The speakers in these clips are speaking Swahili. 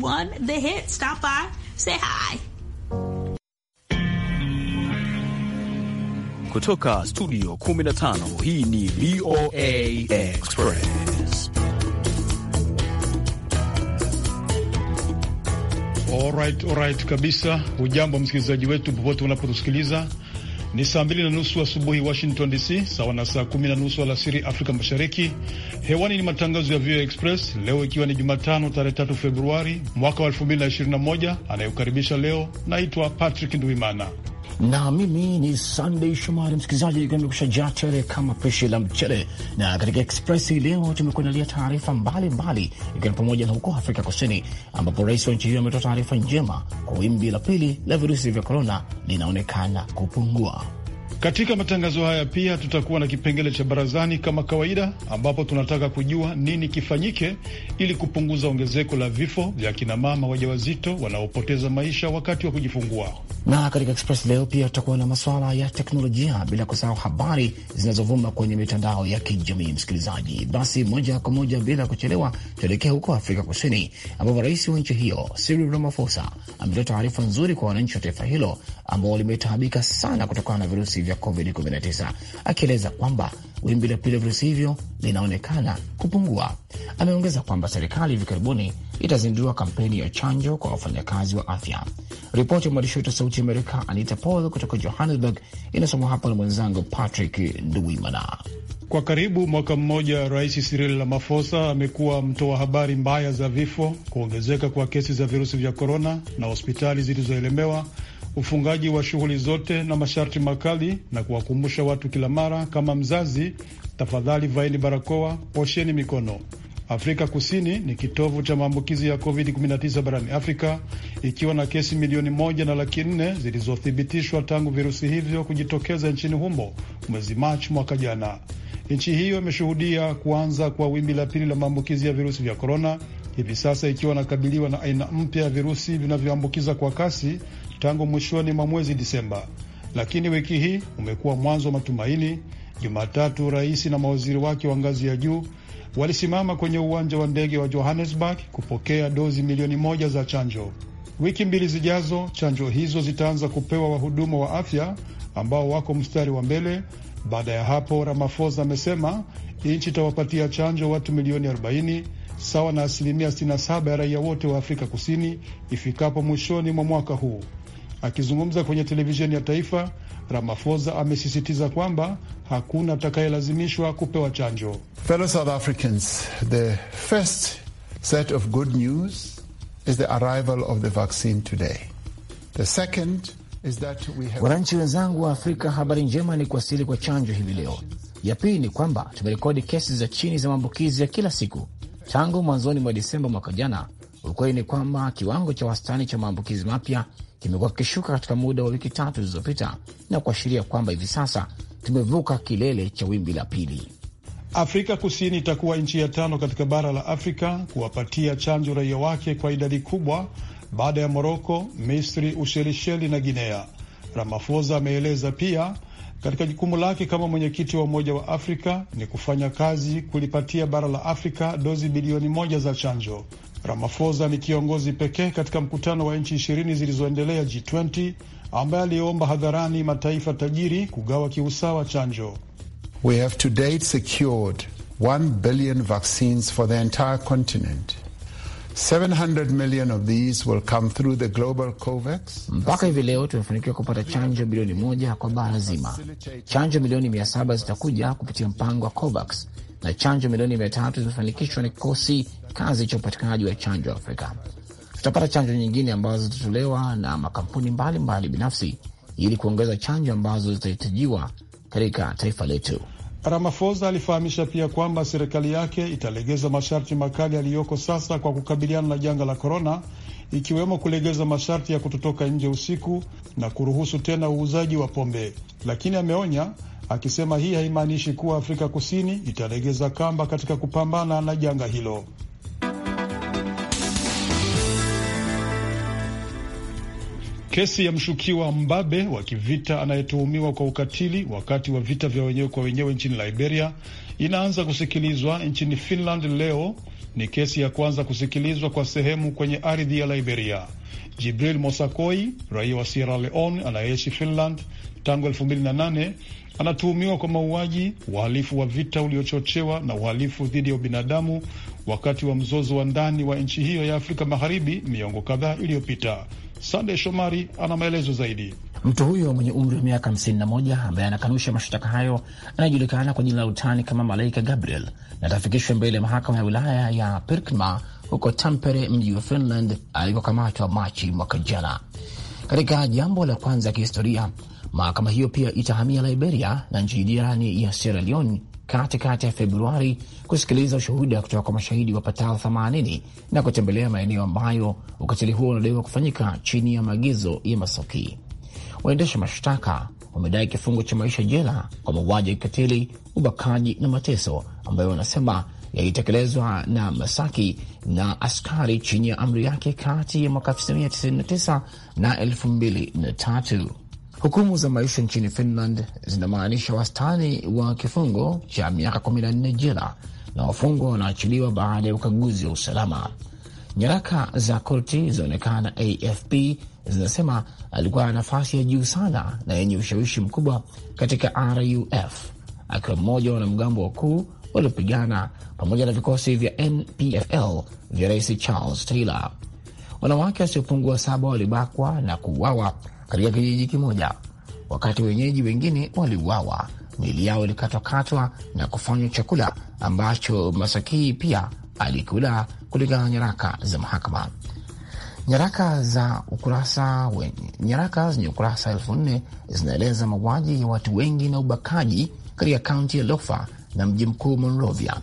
one the hit. Stop by, say hi. Kutoka studio 15 hii ni VOA Express. all right, kabisa. Hujambo msikilizaji wetu popote unapotusikiliza. Ni saa mbili na nusu asubuhi wa Washington DC, sawa na saa kumi na nusu alasiri Afrika Mashariki. Hewani ni matangazo ya VOA Express leo, ikiwa ni Jumatano tarehe tatu Februari mwaka wa elfu mbili na ishirini na moja. Anayekaribisha leo naitwa Patrick Nduimana na mimi ni Sunday Shomari. Msikilizaji, nimekusha jaa tele kama pishi la mchele, na katika Express hii leo tumekuandalia taarifa mbalimbali, ikiwa ni pamoja na huko Afrika Kusini ambapo rais wa nchi hiyo ametoa taarifa njema kwa wimbi la pili la virusi vya korona linaonekana kupungua. Katika matangazo haya pia tutakuwa na kipengele cha barazani kama kawaida, ambapo tunataka kujua nini kifanyike ili kupunguza ongezeko la vifo vya kinamama wajawazito wanaopoteza maisha wakati wa kujifungua na katika Express leo pia tutakuwa na masuala ya teknolojia, bila kusahau habari zinazovuma kwenye mitandao ya kijamii. Msikilizaji, basi moja kwa moja bila kuchelewa, tuelekea huko Afrika Kusini, ambapo rais wa nchi hiyo Cyril Ramaphosa ametoa taarifa nzuri kwa wananchi wa taifa hilo ambao limetaabika sana kutokana na virusi vya COVID-19, akieleza kwamba Wimbi la pili ya virusi hivyo linaonekana kupungua. Ameongeza kwamba serikali hivi karibuni itazindua kampeni ya chanjo kwa wafanyakazi wa afya. Ripoti ya mwandishi wetu wa Sauti Amerika Anita Paul kutoka Johannesburg inasomwa hapa na mwenzangu Patrick Nduwimana. Kwa karibu mwaka mmoja, Rais Cyril Ramaphosa amekuwa mtoa habari mbaya za vifo, kuongezeka kwa kesi za virusi vya korona na hospitali zilizoelemewa ufungaji wa shughuli zote na masharti makali, na kuwakumbusha watu kila mara kama mzazi, tafadhali vaeni barakoa, osheni mikono. Afrika Kusini ni kitovu cha maambukizi ya COVID-19 barani Afrika, ikiwa na kesi milioni moja na laki nne zilizothibitishwa tangu virusi hivyo kujitokeza nchini humo mwezi Machi mwaka jana. Nchi hiyo imeshuhudia kuanza kwa wimbi la pili la maambukizi ya virusi vya korona, hivi sasa ikiwa inakabiliwa na aina mpya ya virusi vinavyoambukiza kwa kasi tangu mwishoni mwa mwezi Disemba, lakini wiki hii umekuwa mwanzo wa matumaini. Jumatatu, rais na mawaziri wake wa ngazi ya juu walisimama kwenye uwanja wa ndege wa Johannesburg kupokea dozi milioni moja za chanjo. Wiki mbili zijazo, chanjo hizo zitaanza kupewa wahudumu wa afya ambao wako mstari wa mbele. Baada ya hapo, ramafosa amesema nchi itawapatia chanjo watu milioni 40 sawa na asilimia 67 ya raia wote wa Afrika Kusini ifikapo mwishoni mwa mwaka huu. Akizungumza kwenye televisheni ya taifa, ramafosa amesisitiza kwamba hakuna atakayelazimishwa kupewa chanjo. Fellow South Africans, the first set of good news is the arrival of the vaccine today. The second is that we have... Wananchi wenzangu wa Afrika, habari njema ni kuwasili kwa chanjo hivi leo. Ya pili ni kwamba tumerekodi kesi za chini za maambukizi ya kila siku tangu mwanzoni mwa Disemba mwaka jana. Ukweli ni kwamba kiwango cha wastani cha maambukizi mapya kimekuwa kikishuka katika muda wa wiki tatu zilizopita na kuashiria kwamba hivi sasa tumevuka kilele cha wimbi la pili. Afrika Kusini itakuwa nchi ya tano katika bara la Afrika kuwapatia chanjo raia wake kwa idadi kubwa baada ya Moroko, Misri, Ushelisheli na Guinea. ramafoza ameeleza pia katika jukumu lake kama mwenyekiti wa Umoja wa Afrika ni kufanya kazi kulipatia bara la Afrika dozi bilioni moja za chanjo ramafosa ni kiongozi pekee katika mkutano wa nchi ishirini zilizoendelea G20 ambaye aliomba hadharani mataifa tajiri kugawa kiusawa chanjo. We have to date secured 1 billion vaccines for the entire continent. 700 million of these will come through the global COVAX. Mpaka hivi leo tumefanikiwa kupata chanjo bilioni moja kwa bara zima. Chanjo milioni mia saba zitakuja kupitia mpango wa COVAX na chanjo milioni mia tatu zimefanikishwa na kikosi kazi cha upatikanaji wa chanjo Afrika. Tutapata chanjo nyingine ambazo zitatolewa na makampuni mbalimbali mbali binafsi ili kuongeza chanjo ambazo zitahitajiwa katika taifa letu. ramafosa alifahamisha pia kwamba serikali yake italegeza masharti makali yaliyoko sasa kwa kukabiliana na janga la korona, ikiwemo kulegeza masharti ya kutotoka nje usiku na kuruhusu tena uuzaji wa pombe, lakini ameonya akisema hii haimaanishi kuwa Afrika Kusini italegeza kamba katika kupambana na janga hilo. Kesi ya mshukiwa mbabe wa kivita anayetuhumiwa kwa ukatili wakati wa vita vya wenyewe kwa wenyewe nchini Liberia inaanza kusikilizwa nchini Finland leo. Ni kesi ya kwanza kusikilizwa kwa sehemu kwenye ardhi ya Liberia. Jibril Mosakoi, raia wa Sierra Leone anayeishi Finland, Tangu elfu mbili na nane anatuhumiwa kwa mauaji, uhalifu wa vita uliochochewa na uhalifu dhidi ya ubinadamu wakati wa mzozo wa ndani wa nchi hiyo ya Afrika Magharibi miongo kadhaa iliyopita. Sande Shomari ana maelezo zaidi. Mtu huyo mwenye umri wa miaka 51 ambaye anakanusha mashtaka hayo anayejulikana kwa jina la utani kama Malaika Gabriel na atafikishwa mbele ya mahakama ya wilaya ya Pirkanmaa huko Tampere, mji wa Finland, alikokamatwa Machi mwaka jana. Katika jambo la kwanza ya kihistoria Mahakama hiyo pia itahamia Liberia na nchi jirani ya Sierra Leone katikati ya Februari kusikiliza ushuhuda kutoka kwa mashahidi wapatao 80 na kutembelea maeneo ambayo ukatili huo unadaiwa kufanyika chini ya maagizo ya masoki Waendesha mashtaka wamedai kifungo cha maisha jela kwa mauaji ya kikatili, ubakaji na mateso ambayo wanasema yalitekelezwa na Masaki na askari chini ya amri yake kati ya mwaka 1999 na 2003. Hukumu za maisha nchini Finland zinamaanisha wastani wa kifungo cha miaka 14 jela na wafungwa wanaachiliwa baada ya ukaguzi wa usalama. Nyaraka za korti zinaonekana AFP zinasema alikuwa na nafasi ya juu sana na yenye ushawishi mkubwa katika RUF, akiwa mmoja wa wanamgambo wakuu waliopigana pamoja na vikosi vya NPFL vya Rais Charles Taylor. Wanawake wasiopungua saba walibakwa na kuuawa katika kijiji kimoja, wakati wenyeji wengine waliuawa, miili yao ilikatwakatwa na kufanywa chakula ambacho Masakii pia alikula, kulingana na nyaraka za mahakama. Nyaraka za ukurasa nyaraka zenye ukurasa elfu nne zinaeleza mauaji ya watu wengi na ubakaji katika kaunti ya Lofa na mji mkuu Monrovia.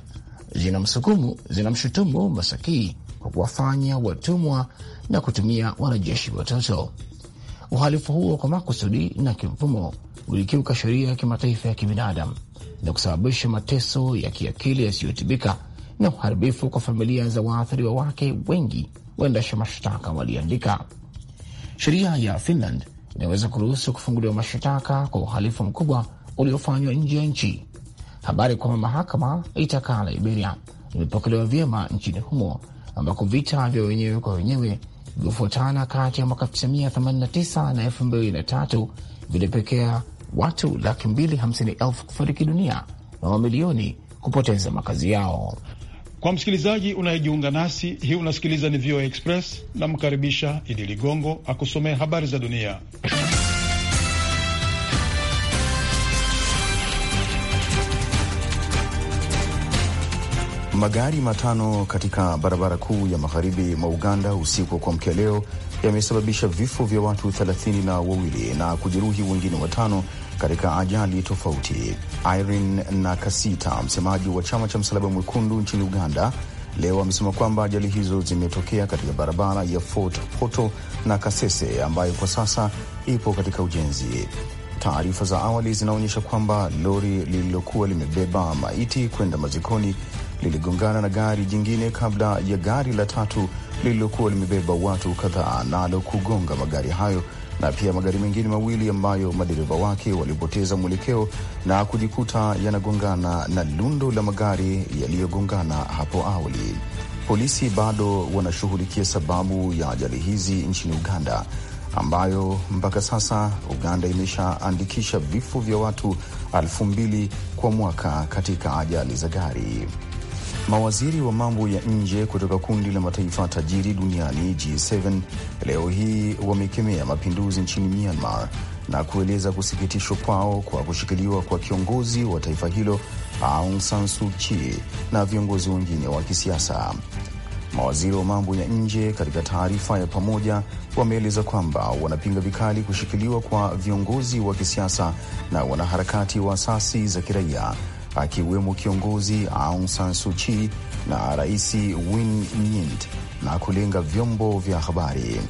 Zinamsukumu zinamshutumu Masakii kwa kuwafanya watumwa na kutumia wanajeshi watoto. Uhalifu huo kwa makusudi na kimfumo ulikiuka sheria ya kimataifa ya kibinadamu na kusababisha mateso ya kiakili yasiyotibika na uharibifu kwa familia za waathiriwa wake wengi, waendesha mashtaka waliandika. Sheria ya Finland inaweza kuruhusu kufunguliwa mashtaka kwa uhalifu mkubwa uliofanywa nje ya nchi. Habari kwamba mahakama itakaa Liberia imepokelewa vyema nchini humo ambako vita vya wenyewe kwa wenyewe vilivyofuatana kati ya mwaka 1989 na 2003 vilipekea watu laki mbili hamsini elfu kufariki dunia na mamilioni kupoteza makazi yao. Kwa msikilizaji unayejiunga nasi, hii unasikiliza ni VOA Express, namkaribisha Idi Ligongo akusomea habari za dunia. Magari matano katika barabara kuu ya magharibi mwa Uganda usiku wa kuamkia leo yamesababisha vifo vya watu thelathini na wawili na kujeruhi wengine watano katika ajali tofauti. Irene Nakasita, msemaji wa chama cha Msalaba Mwekundu nchini Uganda, leo amesema kwamba ajali hizo zimetokea katika barabara ya Fort Poto na Kasese ambayo kwa sasa ipo katika ujenzi. Taarifa za awali zinaonyesha kwamba lori lililokuwa limebeba maiti kwenda mazikoni liligongana na gari jingine kabla ya gari la tatu lililokuwa limebeba watu kadhaa nalo kugonga magari hayo na pia magari mengine mawili ambayo madereva wake walipoteza mwelekeo na kujikuta yanagongana na lundo la magari yaliyogongana hapo awali. Polisi bado wanashughulikia sababu ya ajali hizi nchini Uganda, ambayo mpaka sasa Uganda imeshaandikisha vifo vya watu elfu mbili kwa mwaka katika ajali za gari. Mawaziri wa mambo ya nje kutoka kundi la mataifa tajiri duniani G7 leo hii wamekemea mapinduzi nchini Myanmar na kueleza kusikitishwa kwao kwa kushikiliwa kwa kiongozi wa taifa hilo Aung San Suu Kyi na viongozi wengine wa kisiasa. Mawaziri wa mambo ya nje katika taarifa ya pamoja wameeleza kwamba wanapinga vikali kushikiliwa kwa viongozi wa kisiasa na wanaharakati wa asasi za kiraia akiwemo kiongozi Aung San Suu Kyi na Rais Win Myint na kulenga vyombo vya habari.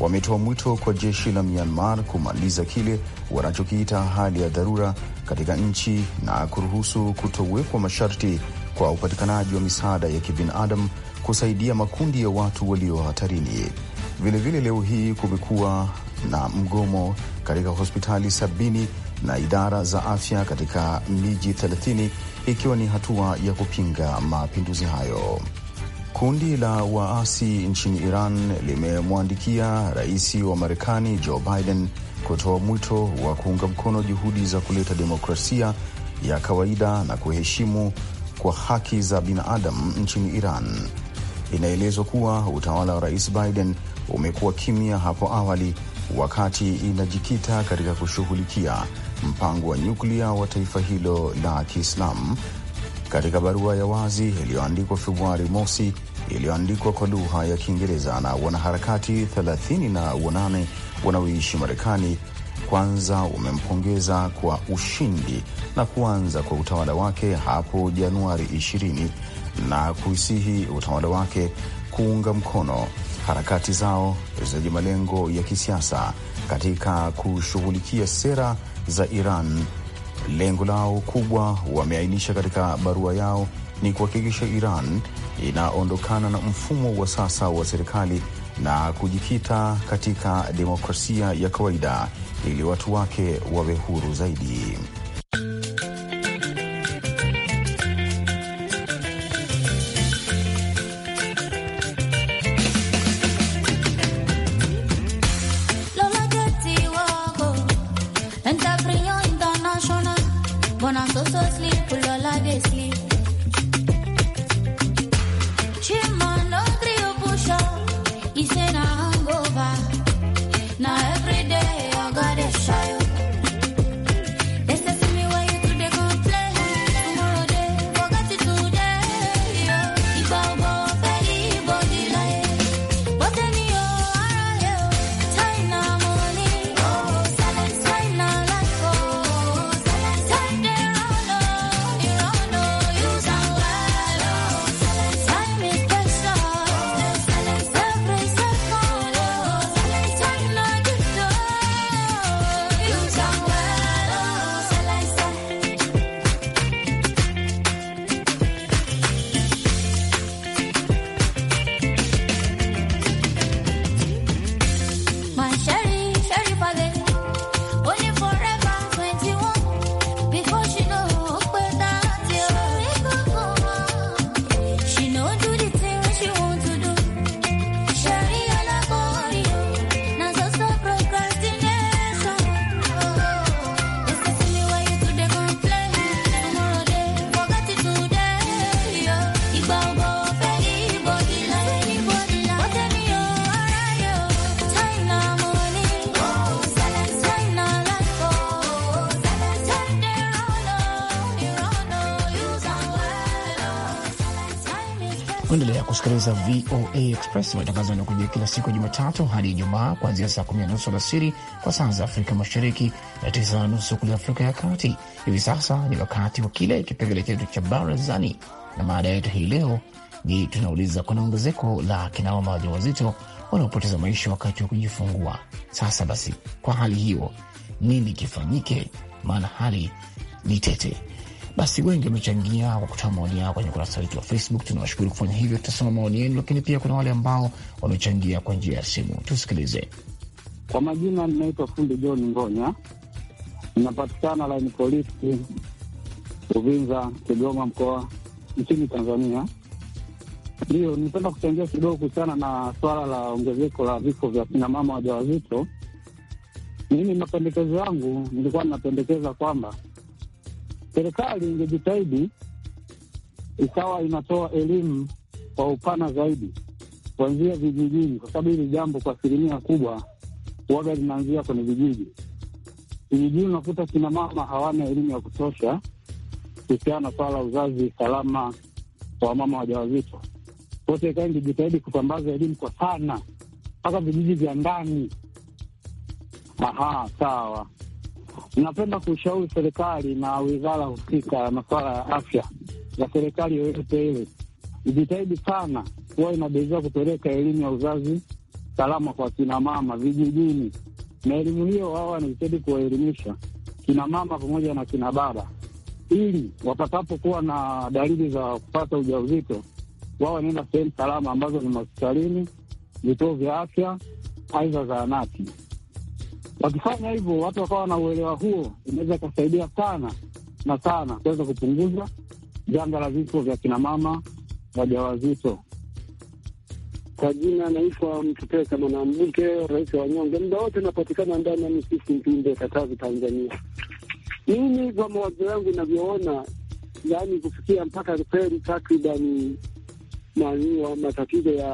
Wametoa mwito kwa jeshi la Myanmar kumaliza kile wanachokiita hali ya dharura katika nchi na kuruhusu kutowekwa masharti kwa upatikanaji wa misaada ya kibinadamu kusaidia makundi ya watu walio hatarini. Vilevile leo hii kumekuwa na mgomo katika hospitali sabini na idara za afya katika miji 30 ikiwa ni hatua ya kupinga mapinduzi hayo. Kundi la waasi nchini Iran limemwandikia rais wa Marekani Joe Biden kutoa mwito wa kuunga mkono juhudi za kuleta demokrasia ya kawaida na kuheshimu kwa haki za binadamu nchini Iran. Inaelezwa kuwa utawala wa rais Biden umekuwa kimya hapo awali wakati inajikita katika kushughulikia mpango wa nyuklia wa taifa hilo la Kiislamu. Katika barua ya wazi iliyoandikwa Februari mosi iliyoandikwa kwa lugha ya Kiingereza na wanaharakati 38 na wanane wanaoishi Marekani, kwanza umempongeza kwa ushindi na kuanza kwa utawala wake hapo Januari 20 na kuisihi utawala wake kuunga mkono harakati zao zenye malengo ya kisiasa katika kushughulikia sera za Iran. Lengo lao kubwa wameainisha katika barua yao ni kuhakikisha Iran inaondokana na mfumo wa sasa wa serikali na kujikita katika demokrasia ya kawaida ili watu wake wawe huru zaidi. I'm so so sleep, pull all I get sleep. za VOA Express, matangazo yanakujia kila siku ya Jumatatu hadi Ijumaa, kuanzia saa kumi na nusu alasiri kwa saa za Afrika Mashariki na tisa na nusu kule Afrika ya Kati. Hivi sasa ni wakati wa kile kipengele chetu cha barazani, na maada yetu hii leo ni tunauliza, kuna ongezeko la kinamama wajawazito wanaopoteza maisha wakati wa kujifungua. Sasa basi, kwa hali hiyo, nini kifanyike? Maana hali ni tete basi wengi wamechangia kwa kutoa maoni yao kwenye ukurasa wetu wa Facebook. Tunawashukuru kufanya hivyo, tutasoma maoni yenu, lakini pia kuna wale ambao wamechangia kwa njia ya simu. Tusikilize. Kwa majina, ninaitwa Fundi John Ngonya, ninapatikana laini polisi Uvinza, Kigoma mkoa nchini Tanzania. Ndio nipenda kuchangia kidogo kuhusiana na swala la ongezeko la vifo vya kinamama wajawazito. Mimi mapendekezo yangu nilikuwa ninapendekeza kwamba serikali ingejitahidi ikawa inatoa elimu kwa upana zaidi, kuanzia vijijini, kwa sababu hili jambo kwa asilimia kubwa waga linaanzia kwenye vijiji. Vijijini unakuta kina mama hawana elimu ya kutosha kuhusiana na swala la uzazi salama kwa wamama wajawazito. Kwa hiyo serikali ingejitahidi kusambaza elimu kwa sana mpaka vijiji vya ndani. Aha, sawa. Ninapenda kushauri serikali na wizara husika ya masuala ya afya za serikali yoyote ile ijitahidi sana kuwa inabezea kupeleka elimu ya uzazi salama kwa kinamama vijijini, na elimu hiyo wao wanajitahidi kuwaelimisha kinamama pamoja na kina baba, ili wapatapokuwa na dalili za kupata ujauzito wao wanaenda sehemu salama ambazo ni mahospitalini, vituo vya afya, aidha zahanati. Wakifanya hivyo, watu wakawa na uelewa huo, inaweza ikasaidia sana na sana kuweza kupunguza janga la vifo vya kinamama wajawazito. Kwa jina naitwa Mtuteka Mwanambuke, rais wa nyonge, muda wote napatikana ndani ya misisi Mpinde, Katavi, Tanzania. Mimi kwa mawazo yangu inavyoona, yaani kufikia mpaka feri takribani matatizo ya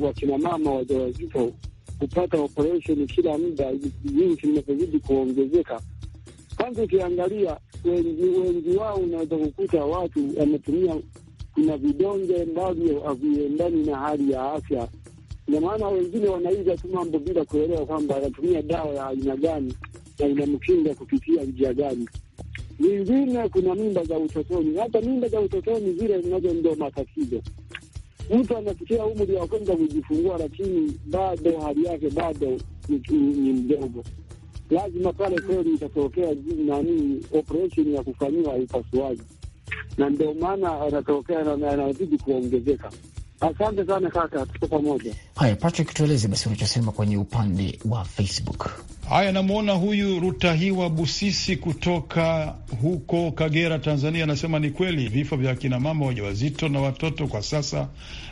wakinamama wajawazito kupata operation kila muda jinsi inavyozidi kuongezeka. Kwanza ukiangalia wengi, wengi wao unaweza kukuta watu wametumia, kuna vidonge ambavyo haviendani na hali ya afya. Ina maana wengine wanaiza tu mambo bila kuelewa kwamba anatumia dawa ya aina gani na inamkinga kupitia njia gani. Nyingine kuna mimba za utotoni, hata mimba za utotoni zile zinazo ndio matatizo mtu anafikia umri wa kwenda kujifungua, lakini bado hali yake bado ni mdogo, lazima pale kweli itatokea nani, operation ya kufanyiwa upasuaji, na ndio maana anatokea anazidi kuongezeka. Asante sana kaka, tuko pamoja. Haya Patrick, tueleze basi unachosema kwenye upande wa Facebook. Haya, namwona huyu Rutahiwa Busisi kutoka huko Kagera, Tanzania, anasema ni kweli vifo vya akinamama wajawazito na watoto kwa sasa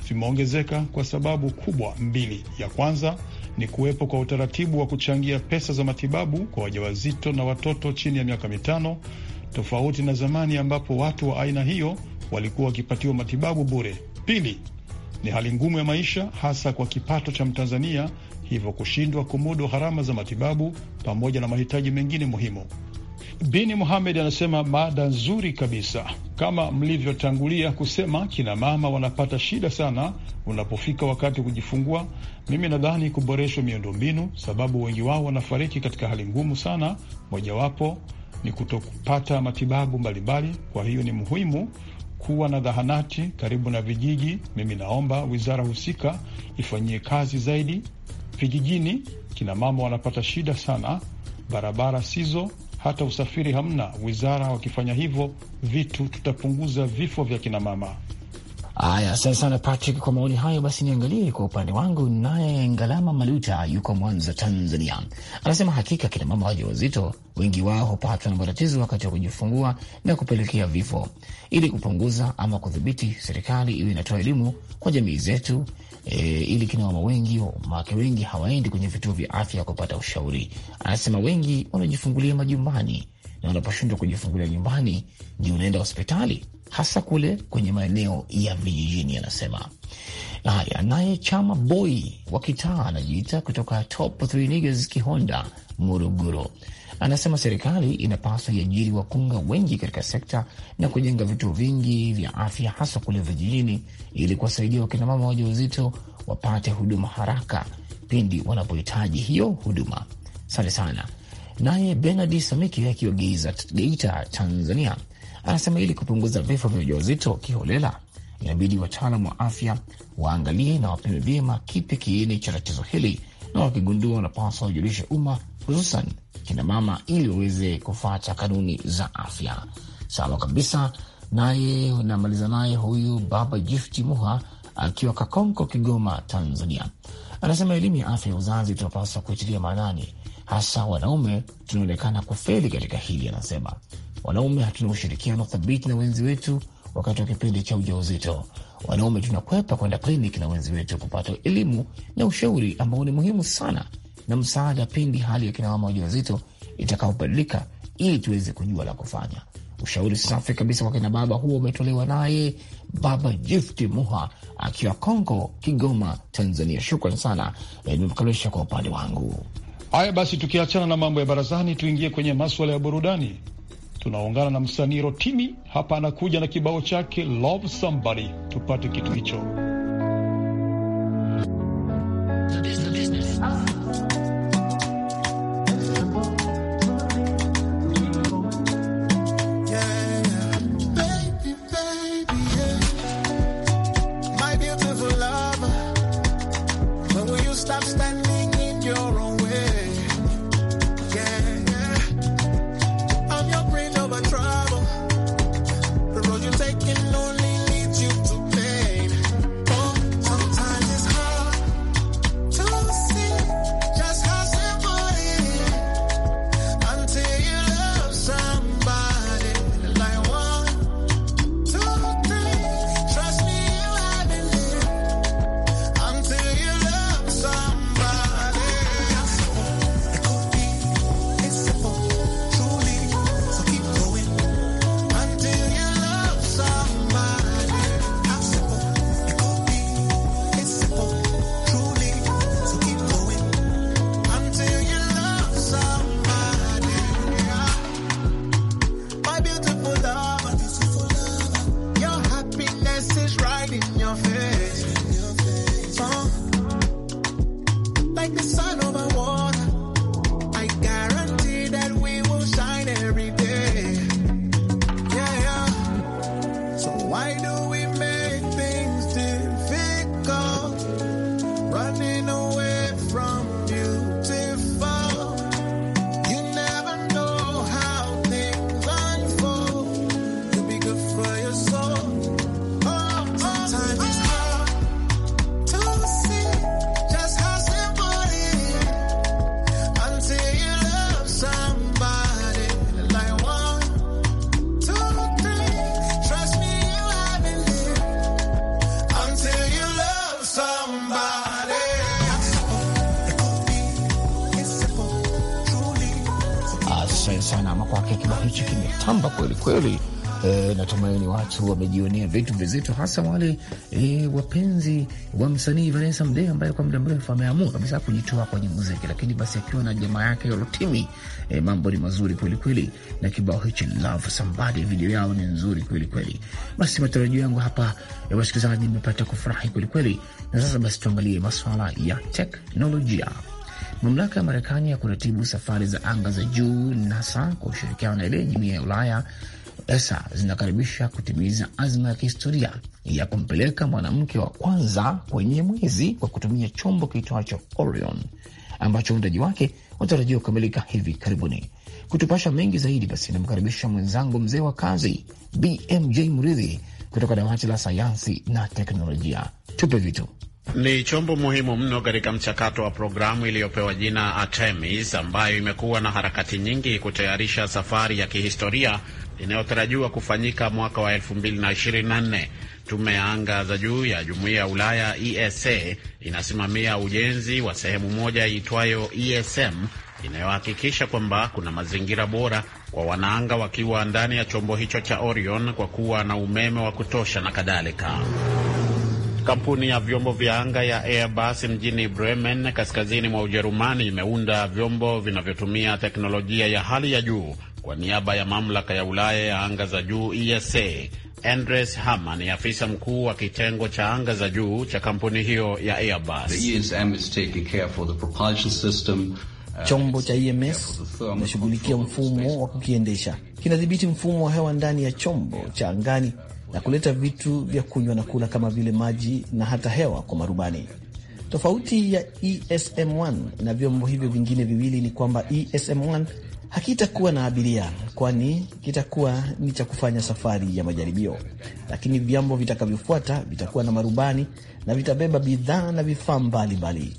vimeongezeka kwa sababu kubwa mbili. Ya kwanza ni kuwepo kwa utaratibu wa kuchangia pesa za matibabu kwa wajawazito na watoto chini ya miaka mitano, tofauti na zamani ambapo watu wa aina hiyo walikuwa wakipatiwa matibabu bure. Pili ni hali ngumu ya maisha, hasa kwa kipato cha Mtanzania hivyo kushindwa kumudu gharama za matibabu pamoja na mahitaji mengine muhimu. Bini Muhamed anasema mada nzuri kabisa. Kama mlivyotangulia kusema, kina mama wanapata shida sana unapofika wakati kujifungua. Mimi nadhani kuboreshwa miundombinu, sababu wengi wao wanafariki katika hali ngumu sana. Mojawapo ni kutopata matibabu mbalimbali. Kwa hiyo ni muhimu kuwa na zahanati karibu na vijiji. Mimi naomba wizara husika ifanyie kazi zaidi Vijijini kina mama wanapata shida sana, barabara sizo, hata usafiri hamna. Wizara wakifanya hivyo vitu, tutapunguza vifo vya kina mama. Haya, asante sana Patrick kwa maoni hayo. Basi niangalie kwa upande wangu. Naye Ngalama Maluta yuko Mwanza, Tanzania, anasema hakika kinamama wazito wengi wao hupatwa na matatizo wakati wa kujifungua na kupelekea vifo. Ili kupunguza ama kudhibiti, serikali iwe inatoa elimu kwa jamii zetu e, ili kina mama wengi make wengi hawaendi kwenye vituo vya afya kupata ushauri. Anasema wengi wanajifungulia majumbani, na wanaposhindwa kujifungulia nyumbani, ndio unaenda hospitali hasa kule kwenye maeneo ya vijijini, anasema. Haya, naye Chama Boy wa kitaa anajiita kutoka Top 3 Niggas Kihonda, Muruguru anasema serikali inapaswa iajiri wakunga wengi katika sekta na kujenga vituo vingi vya afya hasa kule vijijini, ili kuwasaidia wakinamama wajawazito wapate huduma haraka pindi wanapohitaji hiyo huduma. Asante sana. Naye Benard Samiki akiwa Geita, Tanzania, Anasema ili kupunguza vifo vya ujauzito kiholela, inabidi wataalam wa afya waangalie na wapime vyema kipi kiini cha tatizo hili, na wakigundua wanapaswa wajulishe umma, hususan kina mama, ili waweze kufuata kanuni za afya. Sawa kabisa. Naye namaliza naye huyu baba Jifti Muha akiwa Kakonko, Kigoma, Tanzania, anasema elimu ya afya ya uzazi tunapaswa kuitilia maanani, hasa wanaume tunaonekana kufeli katika hili. Anasema Wanaume hatuna ushirikiano thabiti na wenzi wetu wakati wa kipindi cha ujauzito. Wanaume tunakwepa kwenda kliniki na wenzi wetu kupata elimu na ushauri ambao ni muhimu sana na msaada pindi hali ya kinamama wajawazito itakapobadilika, ili tuweze kujua la kufanya. Ushauri safi kabisa kwa kinababa huo umetolewa naye Baba Jifti Muha akiwa Kongo, Kigoma, Tanzania. Shukran sana, nimemkalisha kwa upande wangu. Haya basi, tukiachana na mambo ya barazani, tuingie kwenye maswala ya burudani. Tunaungana na msanii Rotimi hapa, anakuja na kibao chake Love Somebody, tupate kitu hicho. watu wamejionea vitu vizito, hasa wale e, wapenzi wa msanii Vanessa Mdee ambaye kwa muda mrefu ameamua kabisa kujitoa kwenye muziki, lakini basi akiwa na jamaa yake Yorotimi e, mambo ni mazuri kwelikweli, na kibao hichi Love Somebody, video yao ni nzuri kwelikweli. Basi matarajio yangu hapa e, wasikilizaji, mmepata kufurahi kwelikweli. Na sasa basi tuangalie maswala ya teknolojia. Mamlaka ya Marekani ya kuratibu safari za anga za juu NASA kwa ushirikiano na ile jumuiya ya Ulaya pesa zinakaribisha kutimiza azma ya kihistoria ya kumpeleka mwanamke wa kwanza kwenye mwezi kwa kutumia chombo kiitwacho Orion ambacho uundaji wake unatarajiwa kukamilika hivi karibuni. Kutupasha mengi zaidi, basi namkaribisha mwenzangu mzee wa kazi BMJ Mridhi kutoka dawati la sayansi na teknolojia. Tupe vitu ni chombo muhimu mno katika mchakato wa programu iliyopewa jina Artemis ambayo imekuwa na harakati nyingi kutayarisha safari ya kihistoria inayotarajiwa kufanyika mwaka wa 2024. Tume ya anga za juu ya Jumuiya ya Ulaya ESA inasimamia ujenzi wa sehemu moja iitwayo ESM inayohakikisha kwamba kuna mazingira bora kwa wanaanga wakiwa ndani ya chombo hicho cha Orion kwa kuwa na umeme wa kutosha na kadhalika. Kampuni ya vyombo vya anga ya Airbus mjini Bremen kaskazini mwa Ujerumani imeunda vyombo vinavyotumia teknolojia ya hali ya juu kwa niaba ya mamlaka ya Ulaya ya anga za juu ESA. Andres Hama ni afisa mkuu wa kitengo cha anga za juu cha kampuni hiyo ya Airbus. E uh, chombo cha EMS e inashughulikia mfumo wa kukiendesha, kinadhibiti mfumo wa hewa ndani ya chombo cha angani na kuleta vitu vya kunywa na kula kama vile maji na hata hewa kwa marubani. Tofauti ya ESM1 na vyombo hivyo vingine viwili ni kwamba ESM1 hakitakuwa na abiria, kwani kitakuwa ni cha kufanya safari ya majaribio, lakini vyombo vitakavyofuata vitakuwa na marubani na vitabeba bidhaa na vifaa mbalimbali.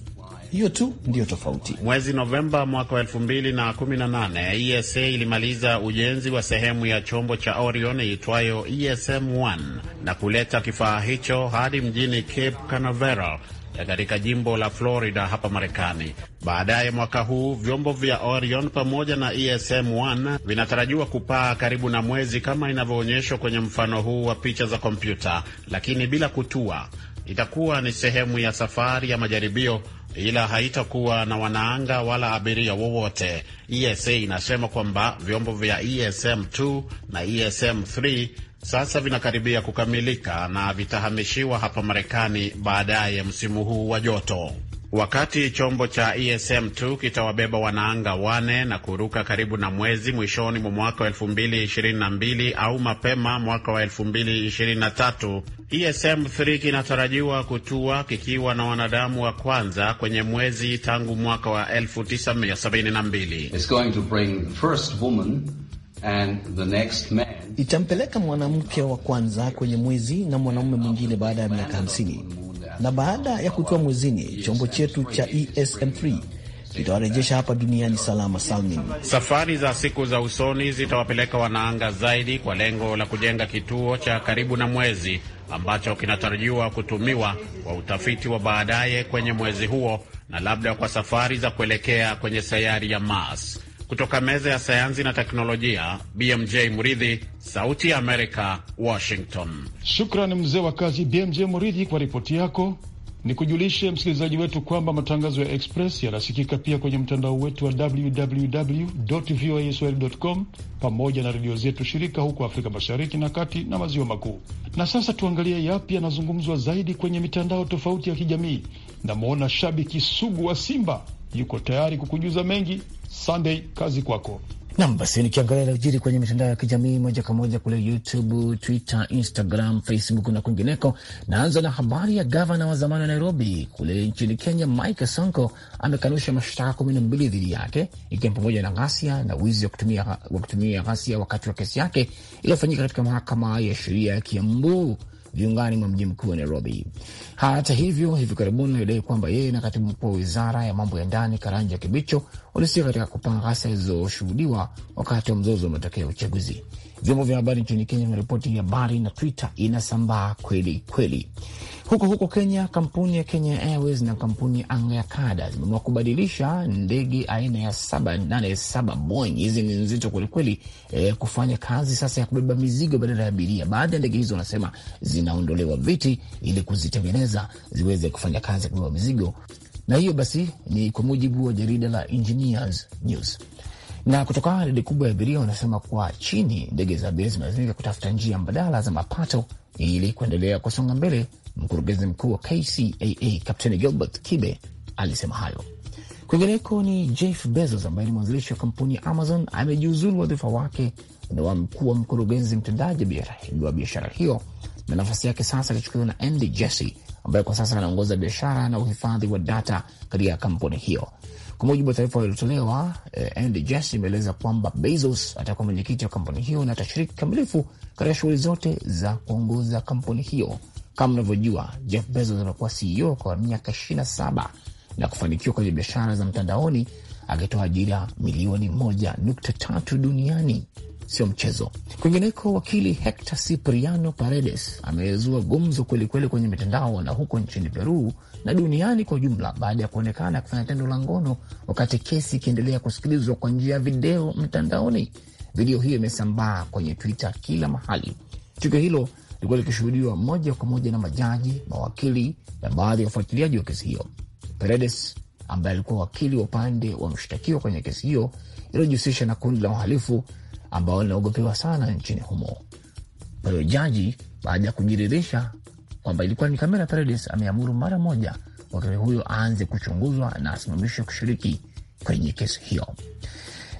Hiyo tu ndiyo tofauti. Mwezi Novemba mwaka wa 2018 ESA ilimaliza ujenzi wa sehemu ya chombo cha Orion iitwayo ESM1 na kuleta kifaa hicho hadi mjini Cape Canaveral katika jimbo la Florida hapa Marekani. Baadaye mwaka huu vyombo vya Orion pamoja na ESM1 vinatarajiwa kupaa karibu na mwezi kama inavyoonyeshwa kwenye mfano huu wa picha za kompyuta, lakini bila kutua. Itakuwa ni sehemu ya safari ya majaribio, ila haitakuwa na wanaanga wala abiria wowote. ESA inasema kwamba vyombo vya ESM2 na ESM3 sasa vinakaribia kukamilika na vitahamishiwa hapa Marekani baadaye msimu huu wa joto. Wakati chombo cha ESM2 kitawabeba wanaanga wane na kuruka karibu na mwezi mwishoni mwa mwaka wa 2022 au mapema mwaka wa 2023, ESM3 kinatarajiwa kutua kikiwa na wanadamu wa kwanza kwenye mwezi tangu mwaka wa 1972 and the next man. Itampeleka mwanamke wa kwanza kwenye mwezi na mwanamume mwingine baada ya miaka 50 na baada ya kutoa mwezini, chombo chetu cha ESM3 kitawarejesha hapa duniani salama salmin. Safari za siku za usoni zitawapeleka wanaanga zaidi kwa lengo la kujenga kituo cha karibu na mwezi ambacho kinatarajiwa kutumiwa kwa utafiti wa baadaye kwenye mwezi huo na labda kwa safari za kuelekea kwenye sayari ya Mars. Kutoka meza ya sayansi na teknolojia, BMJ Muridhi, Sauti ya Amerika, Washington. Shukrani mzee wa kazi BMJ Muridhi kwa ripoti yako. Ni kujulishe msikilizaji wetu kwamba matangazo ya Express yanasikika pia kwenye mtandao wetu wa www voa com pamoja na redio zetu shirika huko Afrika Mashariki na kati na maziwa makuu. Na sasa tuangalie yapi yanazungumzwa zaidi kwenye mitandao tofauti ya kijamii. Namwona shabiki sugu wa Simba yuko tayari kukujuza mengi. Sunday, kazi kwako. Nam, basi nikiangalia lajiri kwenye mitandao ya kijamii moja kwa moja kule YouTube, Twitter, Instagram, Facebook na kwingineko. Naanza na habari ya gavana wa zamani wa Nairobi kule nchini Kenya, Mike Sonko amekanusha mashtaka kumi na mbili dhidi yake, ikiwa pamoja na ghasia na wizi wa kutumia ghasia wakati wa kesi yake iliyofanyika katika mahakama ya sheria ya Kiambu viungani mwa mji mkuu wa Nairobi. Hata hivyo, hivi karibuni alidai kwamba yeye na katibu mkuu wa wizara ya mambo ya ndani Karanja Kibicho walihusika katika kupanga ghasia zilizoshuhudiwa wakati wa mzozo wa matokeo ya uchaguzi. Vyombo vya habari nchini Kenya vimeripoti habari na Twitter inasambaa kweli kweli. Huko huko Kenya, kampuni ya Kenya Airways na kampuni ya anga ya kada zimeamua kubadilisha ndege aina ya 787 Boeing, hizi ni nzito kwelikweli, eh, kufanya kazi sasa ya kubeba mizigo badala ya abiria. Baadhi ya ndege hizo wanasema zinaondolewa viti ili kuzitengeneza ziweze kufanya kazi ya kubeba mizigo, na hiyo basi ni kwa mujibu wa jarida la Engineers News na kutokana na idadi kubwa ya abiria, wanasema kuwa chini, ndege za abiria zimelazimika kutafuta njia mbadala za mapato ili kuendelea kusonga mbele. Mkurugenzi mkuu wa KCAA Kapteni Gilbert Kibe alisema hayo. Kwingineko ni Jeff Bezos ambaye ni mwanzilishi wa kampuni ya Amazon amejiuzulu wadhifa wake wa mkuu wa mkurugenzi mtendaji wa biashara hiyo, na nafasi yake sasa ilichukuliwa na Andy Jassy ambaye kwa sasa anaongoza biashara na uhifadhi wa data katika kampuni hiyo. Kwa mujibu wa taarifa iliyotolewa, eh, Andy Jassy imeeleza kwamba Bezos atakuwa mwenyekiti wa kampuni hiyo na atashiriki kikamilifu katika shughuli zote za kuongoza kampuni hiyo. Kama unavyojua, Jeff Bezos amekuwa CEO kwa miaka 27 na kufanikiwa kwenye biashara za mtandaoni akitoa ajira milioni 1.3 duniani sio mchezo. Kwingineko, wakili Hector Cipriano Paredes amezua gumzo kwelikweli kwenye mitandao na huko nchini Peru na duniani kwa ujumla baada ya kuonekana kufanya tendo la ngono wakati kesi ikiendelea kusikilizwa kwa njia ya video mtandaoni. Video hiyo imesambaa kwenye Twitter kila mahali. Tukio hilo likuwa likishuhudiwa moja kwa moja na majaji, mawakili na baadhi ya wafuatiliaji wa kesi hiyo. Paredes ambaye alikuwa wakili wa upande wa mshtakiwa kwenye kesi hiyo iliyojihusisha na kundi la uhalifu ambao linaogopewa sana nchini humo. Kwa hiyo jaji, baada ya kujiridhisha kwamba ilikuwa ni Kamera Paredes, ameamuru mara moja wakili huyo aanze kuchunguzwa na asimamishwe kushiriki kwenye kesi hiyo.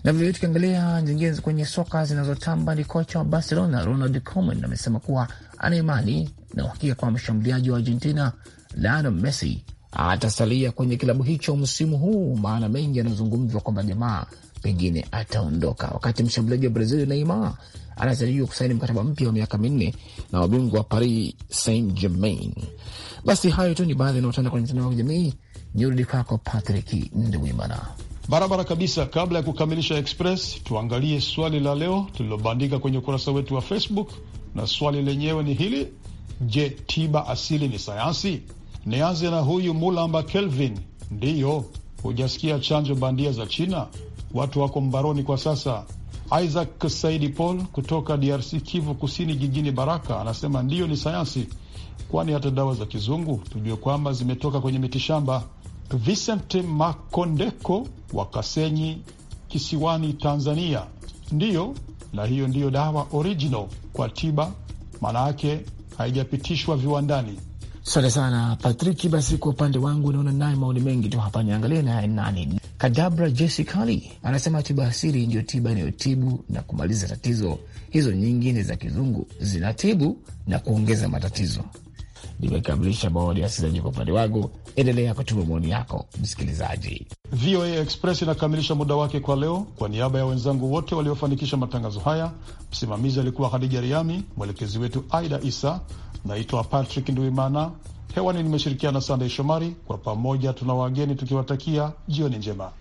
Na vilevile tukiangalia nyingine kwenye soka zinazotamba ni kocha wa Barcelona Ronald Koeman amesema kuwa ana imani na uhakika kwa mshambuliaji wa Argentina Lionel Messi atasalia kwenye kilabu hicho msimu huu, maana mengi yanazungumzwa kwamba jamaa pengine ataondoka, wakati mshambuliaji wa Brazil Neymar anatarajiwa kusaini mkataba mpya wa miaka minne na wabingwa wa Paris Saint Germain. Basi hayo tu ni baadhi yanaotanda kwenye mitandao ya kijamii. Nirudi kwako Patrick Ndwimana. Barabara kabisa. Kabla ya kukamilisha Express, tuangalie swali la leo tulilobandika kwenye ukurasa wetu wa Facebook, na swali lenyewe ni hili: Je, tiba asili ni sayansi? Nianze na huyu Mulamba Kelvin. Ndiyo, hujasikia chanjo bandia za China? Watu wako mbaroni kwa sasa. Isaac Saidi Paul kutoka DRC, Kivu Kusini, jijini Baraka, anasema ndiyo, ni sayansi, kwani hata dawa za kizungu tujue kwamba zimetoka kwenye mitishamba. Vincent Makondeko wa Kasenyi kisiwani Tanzania, ndiyo, na hiyo ndiyo dawa original kwa tiba, maana yake haijapitishwa viwandani. Sante sana Patriki. Basi kwa upande wangu naona naye maoni mengi tu hapa, niangalie naye nani Kadabra kali anasema tiba asili ndiyo tiba inayotibu na kumaliza tatizo. Hizo nyingine za kizungu zinatibu na kuongeza matatizo. Nimekamilisha maoni ya wasikilizaji. Kwa upande wangu, endelea kutuma maoni yako msikilizaji. VOA Express inakamilisha muda wake kwa leo. Kwa niaba ya wenzangu wote waliofanikisha matangazo haya, msimamizi alikuwa Hadija Riami, mwelekezi wetu Aida Isa. Naitwa Patrick Nduimana. Hewani nimeshirikiana Sandey Shomari, kwa pamoja tuna wageni tukiwatakia jioni njema.